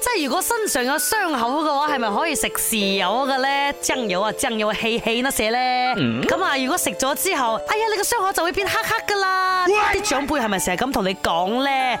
即係如果身上有傷口嘅話，係咪可以食豉油嘅咧？醬油啊，醬油氣氣那些咧，咁啊如果食咗之後，哎呀你個傷口就會變黑黑噶啦！啲長輩係咪成日咁同你講咧？